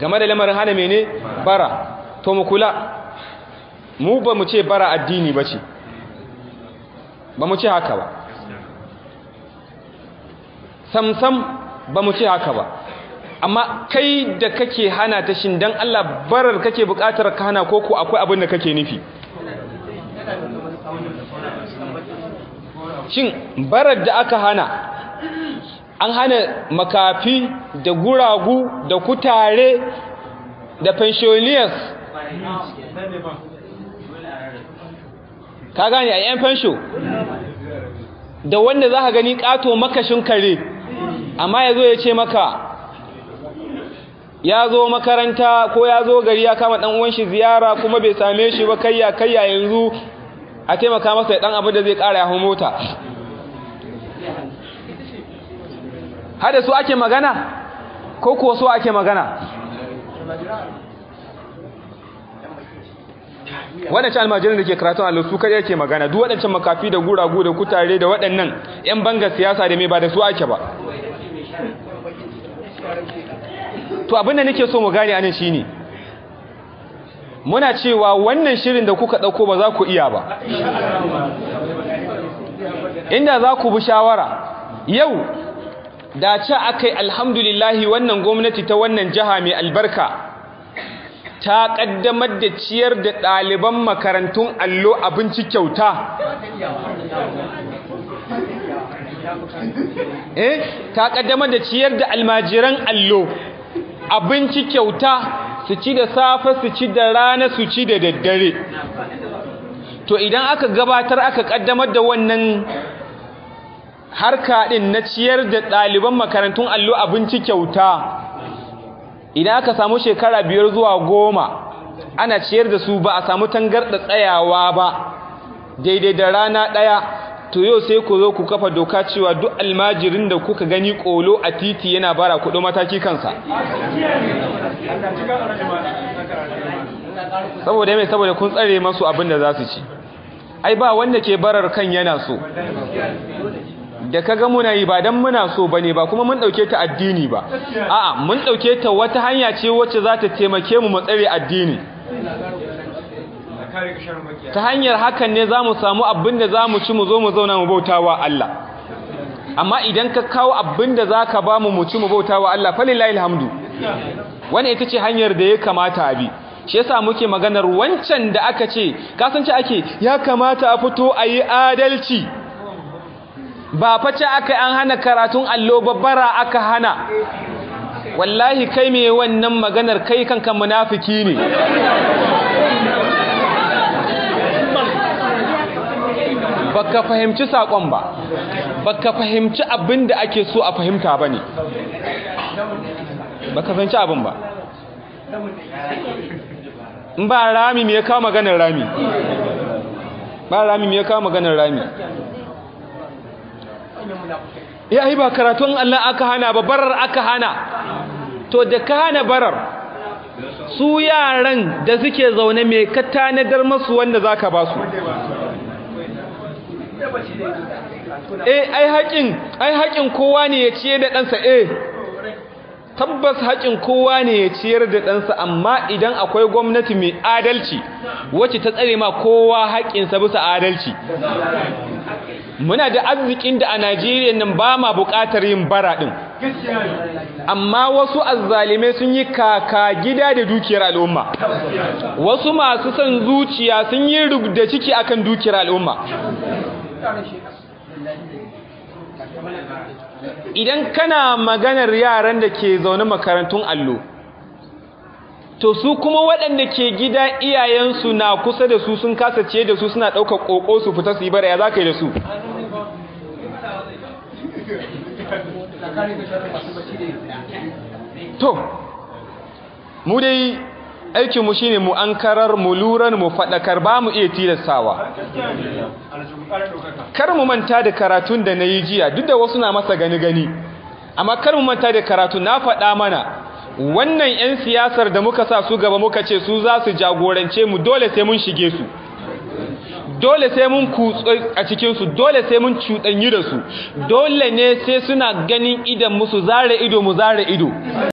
game da lamarin hana mene bara to mu kula mu ba mu ce bara addini ba ce ba mu ce haka ba samsam ba mu ce haka ba amma kai da kake hana ta shin dan Allah barar kake bukatar ka hana koko akwai abin da kake nufi shin barar da aka hana an hana makafi da guragu da kutare da pensioners ka gane a yan fensho da wanda za ka gani kato makashin kare amma ya zo ya ce maka ya zo makaranta ko ya zo gari ya kama ɗan shi ziyara kuma bai same shi ba kayya kayya yanzu a taimaka masa ya ɗan abu da zai ƙara ya mota har da su ake magana ko kuwa su ake magana waɗancan almajirin da ke karatun allo su kare ke magana duk waɗancan makafi da guragu da kutare da waɗannan 'yan bangar siyasa da mai ba da su ake ba to abin da nake so mu gane anan ne muna cewa wannan shirin da kuka ɗauko ba za ku iya ba inda za ku bi shawara yau da ce akai alhamdulillahi wannan gwamnati ta wannan jiha mai albarka ta kaddamar da ciyar da ɗaliban makarantun allo abinci kyauta eh ta kaddamar da ciyar da almajiran allo abinci kyauta su ci da safe su ci da rana su ci da daddare to idan aka gabatar aka kaddamar da wannan harka kaɗin na ciyar da ɗaliban makarantun allo abinci kyauta idan aka samu shekara biyar zuwa goma ana ciyar da su ba a samu tangarɗa tsayawa ba daidai da rana ɗaya to yau sai ku zo ku kafa doka cewa duk almajirin da kuka gani kolo a titi yana bara kuɗo mataki kansa saboda mai saboda kun tsare masu abin da za su ci ai ba wanda ke barar kan yana so da kaga muna yi ba dan muna so bane ba kuma mun dauke ta addini ba a'a mun dauke ta wata hanya ce wacce za ta taimake mu mu tsare addini ta hanyar hakan ne za mu samu abin da za mu ci mu zo mu zauna mu bauta Allah amma idan ka kawo abin da za ka ba mu mu ci mu bauta wa Allah falilahi alhamdu wani ita ce hanyar da ya kamata a bi shi yasa muke maganar wancan da aka ce kasance ake ya kamata a fito ayi adalci ba face aka an hana karatun allo babbara aka hana wallahi kai mai wannan maganar kai kanka munafiki ne baka fahimci sakon ba baka fahimci abin da ake so a fahimta ba ne baka fahimci abin ba ba rami me ya kawo maganar rami ba rami me ya kawo maganar rami ya yi ba karatun Allah aka hana ba barar aka hana to da ka hana barar su yaran da suke zaune mai ka tanadar masu wanda za ka ba eh ai haƙin kowa ne ya ciye da ɗansa eh tabbas haƙin kowa ne ya ciyar da ɗansa amma idan akwai gwamnati mai adalci wacce ta tsare ma kowa haƙinsa bisa adalci muna da arzikin da a Najeriya nan ba ma buƙatar yin bara ɗin amma wasu azzalime sun yi kaka gida da dukiyar al'umma wasu masu son zuciya sun yi rubda ciki akan dukiyar al'umma idan kana maganar yaran da ke zaune makarantun allo to su kuma waɗanda ke gida iyayensu na kusa da su sun kasa ciye da su suna ɗaukar ƙoƙo su fita su yi bara ya za ka yi da su to mu dai aikinmu shine mu ankarar mu lurar mu faɗakar ba mu iya tilastawa kar mu manta da karatun da na yi jiya duk da wasu na masa gani-gani amma kar mu manta da karatu na faɗa mana wannan 'yan siyasar da muka sa su gaba muka ce su za su jagorance mu dole sai mun shige su dole sai mun kutsu a cikinsu dole sai mun cutanyi da su dole ne sai suna ganin idan musu zare ido mu zare ido